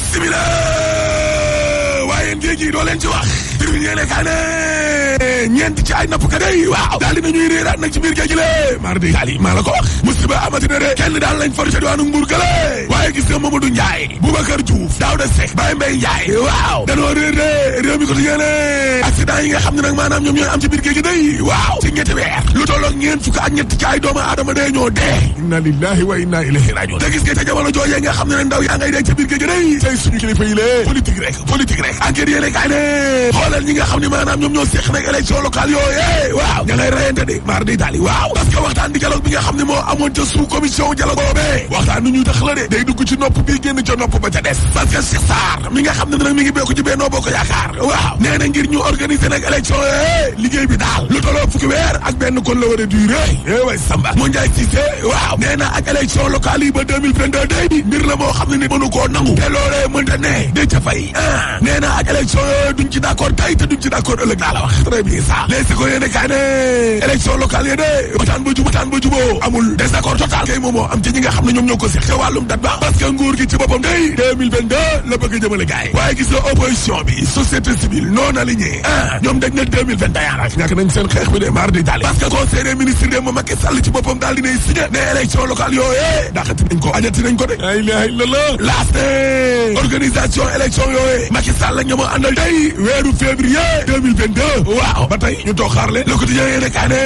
bismillah waaye géej gi doo leen ci wax tribune yéene kaa ne ñeent ci ay nappkat day waaw daal a ñuy réeraat nag ci biir géej gi le mardi daal maa la ko wax musiba amati na de kenn daal lañ forcé diwaanu Mbuur gële waaye gis nga Mamadou Ndiaye Boubacar Diouf Daouda Seck Baye Mbaye Ndiaye waaw danoo réer de mi ko tijéene accident yi nga xam ne nag maanaam ñoom ñooy am ci biir géej gi waaw ci ñetti weer lu tolloog ñeent fukk ak ñett ci ay doomu aadama day ñoo dee inna lillahi wa inna ilayhi rajiun te gis nga ca jamono joojee nga xam ne nag ndaw yaa ngay dee ci biir géej gi day tey dooleel ñi nga xam ne maanaam ñoom ñoo seeq nag élection locale yooyu waaw ña ngay rayante di maar di daali waaw parce waxtaan di dialogue bi nga xam ne moo amoon ca sous commission dialogue boobee waxtaan nu ñu tax la de day dugg ci nopp bii génn ca nopp ba ca des parce que mi nga xam ne nag mi ngi bokk ci Benno Bokk Yaakaar waaw nee na ngir ñu organiser nag élection yooyu liggéey bi daal lu toloo fukki weer ak benn kon la war a durée é eh way samba moo njaay Cissé na ak élection ba 2022 day moo xam ne ni mënu koo nangu te ah, na ak élection yooyu tey te duñ ci d'accord ëllëg naa la ba jub bataan ba a waaye gis nga opposition bi société civile non alignée ah ñoom dañ laast organisation élection yooyee Macky Sall la ñoo ma day weeru février 2022 waaw ba tey ñu toog xaar leen le quotidien yéene kaay ne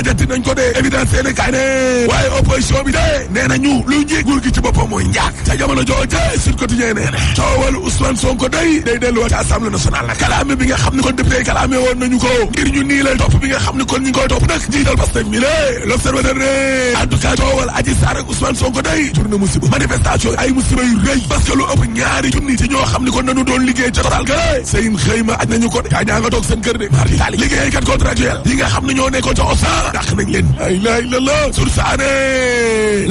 ajati nañ ko de évidence yéene kaay ne waaye opposition bi de nee na ñu luy njiit nguur gi ci boppam mooy njaag ca jamono jooje Sud Quotidien nee na coowal Ousmane Sonko day day delluwaat ci bi nga xam ne kon député kalaame woon nañu ko ngir ñu nii la topp bi nga xam ne kon ñu ngi koy topp nag jiital Pastef mi lé l'observateur ne en tout cas coowal Adji Sarr ak Ousmane Sonko day jur na musiba manifestation ay musiba yu rëy parce que lu ëpp ñaari junni ci ñoo xam ne nañu ko de gaa ñaa nga toog seen kër de mardi taali liggéeykat contractuel yi nga xam ne ñoo nekkoon ca osa dàq nañ leen ay laay la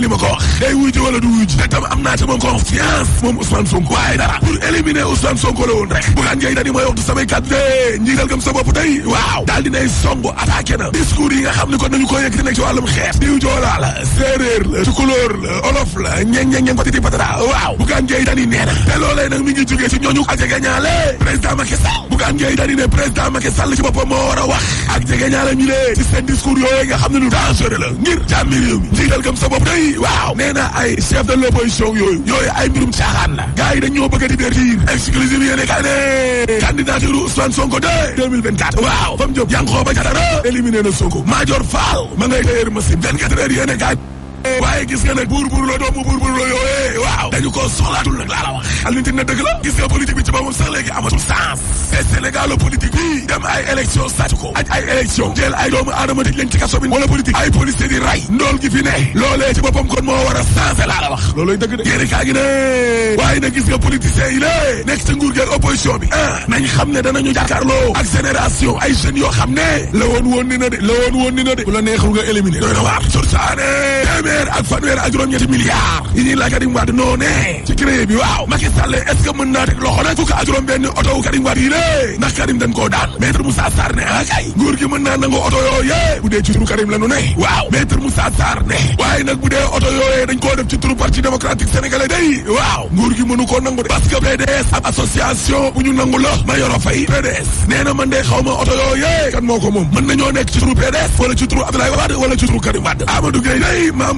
li ma ko wax day wala du wuy ji tam am naa ci moom confiance moom Ousmane Sonko waaye dara pour éliminer Ousmane Sonko la woon rek Bougane Gueye Dany mooy wax du samay kàddu de njiital gëm sa bopp tey waaw daal dinay songu attaqué na discours yi nga xam ni kon nañu ko yëkkati nekk ci wàllum xeet diw joolaa la séeréer la tukulóor la olof la ñeng ñeng ñeng patiti patata waaw Bougane Gueye Dany nee na te loolee nag mi ngi ci ñooñu ak jegeñaale président Bougane Gueye Dany ne président Macky Sall ci boppam moo a wax ak jege ñaala ñu lee ci seen discours yooyu nga xam ne lu dangereux la ngir jàmmi réew mi jiital gëm sa bopp day waaw nee na ay chef de l'opposition yooyu yooyu ay mbirum caaxaan la gars yi dañoo bëgg a divertir exclusive yéene kaa Sonko de waaw fam Diop yanqoo ba jatara éliminé na Sonko Madior Fall ma ngay téyeer machine 24 heures yéene kaa waaye gis nga nag buur buur la doomu buur buur la yooyee waaw dañu ko soxlaatul nag laa la wax alintin na dëgg la gis nga politique bi ci boppam sax léegi amatul sens et Sénégal politique bi dem ay élection sàcc ko aj ay élection jël ay doomu aadama tëj leen ci ay policier di ray ndool gi fi ne loolee ci boppam kon moo war a sensé la wax looloy dëgg de yéeni kaa gi ne waaye nag gis nga politiciens yi lée nekk ci nguur gi ak bi ah nañ xam ne danañu jàkkaarloo ak génération ay jeunes yoo xam ne la woon woon ni na de la woon téeméer ak fanweer ak juróom-ñetti milliards yi ñuy laaj Karim Wade noo ne ci créé bi waaw Macky Sall est-ce ah ne waaye nag bu dee oto yooyee dañ koo def ci turu parti démocratique sénégalais day waaw nguur gi mënu koo nangu de parce PDS ab association bu ñu nangu la ma fay PDS nee man de xaw oto yooyee kan moo ko moom mën nañoo nekk ci turu PDS wala ci turu Abdoulaye Wade wala ci turu Karim Wade Amadou Gueye day maam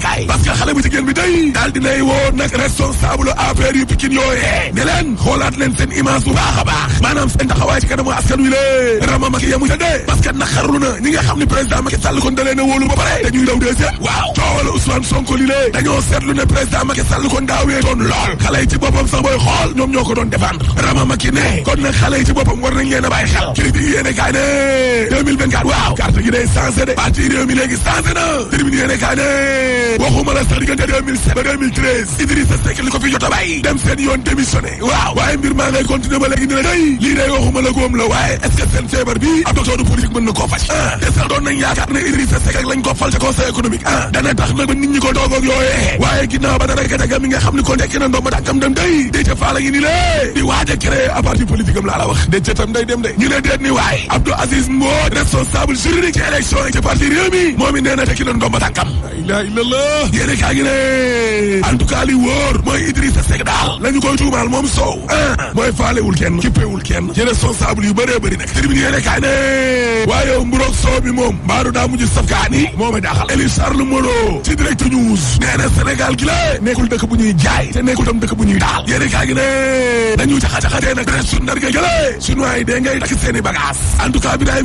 kaay parce que xale bu jigéen bi day daal di lay woo nag responsable APR yu Pikine yooyee ne leen xoolaat leen seen image bu baax a baax maanaam seen taxawaay ci kanamu askan wi lé rama Macky yamu ca dee parce que naqarlu na ñi nga xam ne président Macky Sall kon da leen a wóolu xale yi ci boppam sax xool ñoom ñoo ko doon défendre rama Macky ne xale yi ci boppam war nañ leen a bàyyi xel cri bi yéene kaay ne 2024 waaw carte gi day changé de parti réew mi léegi changé na terminé yéene waxuma la sax diggante 2007 ba 2013 Idrissa Seck li ko fi jot a bàyyi dem seen yoon démissionné waaw waaye mbir maa ngay continuer ba léegi ni la day lii day waxuma la góom la waaye est-ce que seen feebar bi ab docteur du politique mën na koo faj ah te sax doon nañ yaakaar ne Idrissa Seck rek lañ ko fal ca conseil économique ah dana tax nag ba nit ñi ko toog ak yooyee waaye ginnaaw ba dara gàncax mi nga xam ni ko nekk na ndomba tàkkam dem day Déthié Fall a ngi ni lée di waaj a créé à parti politique am laa la wax Déthié tam day dem de ñu ne déet ni waaye Abdou Aziz Mbodj responsable juridique ci élection yi ci parti réew mi moom it nee na tekki na ndomba tàkkam la ilaha illallah yéene kaa gi ne tout cas li wóor mooy a Seck daal la ñu koy tuumaal moom soow ah mooy faalewul kenn kippewul kenn ci responsable yu bëree bëri nag tribune yéene kaa waaye mburoog soow bi moom mbaadu daa mujj saf kaa ni moo ma daaxal Eli Charles Molo ci direct news nee na gi la nekkul dëkk bu ñuy jaay te nekkul tam dëkk bu ñuy daal yéene kaa gi ne dañu jaxa-jaxatee nag dre su ndarga gëlee chinois yi dee ngay takk seen i bagage de ca bël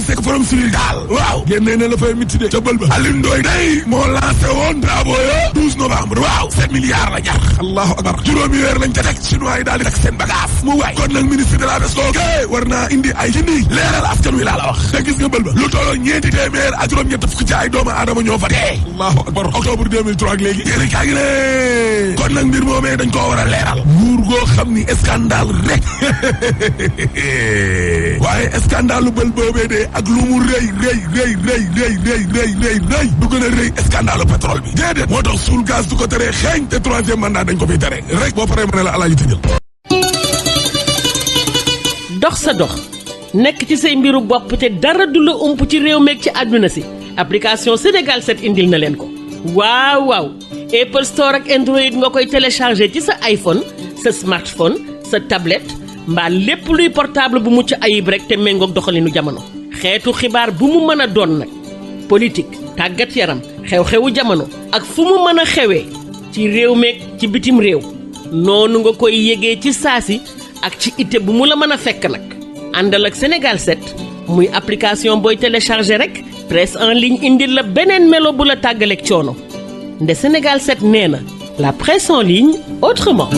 ba Alioune baabooyo 12 novembre waaw 7 milliards la jar allahu akbar juróomi weer lañ ca teg chinois yi daal di teg seen bagage mu waay kon nag ministre de la bes kooke war indi ay jindi leeral askan wi laa la wax te ba lu tolloo ñeenti téeméer ak juróom-ñett fukk ci ay doomu aadama ñoo fa dee allahu akbar octobre 2003 ak léegi yéen kaa ngi ne nag mbir moomee dañ koo war a leeral goo xam ni scandale rek waaye scandale a rëy scandale pétrole bi déedéet ko teree boo paree ma la alaaji tëjal dox sa dox nekk ci say mbiru bopp te dara du la ump ci réew meeg ci àdduna si application Sénégal set indil na leen ko waaw waaw Apple Store ak Android nga koy télécharger ci sa iPhone sa smartphone sa tablette mbaa lépp luy portable bu mucc ayib rek te méngoog doxalinu jamono xeetu xibaar bu mu mën a doon nag politique tàggat yaram xew-xewu jamono ak fu mu mën a xewee ci réew meeg ci bitim réew noonu nga koy yégee ci saasi ak ci ite bu mu la mën a fekk nag àndal ak Sénégal set muy application booy téléchargé rek presse en ligne indil la beneen melo bu la tàggaleeg coono nde Sénégal 7 nee na la presse en ligne autrement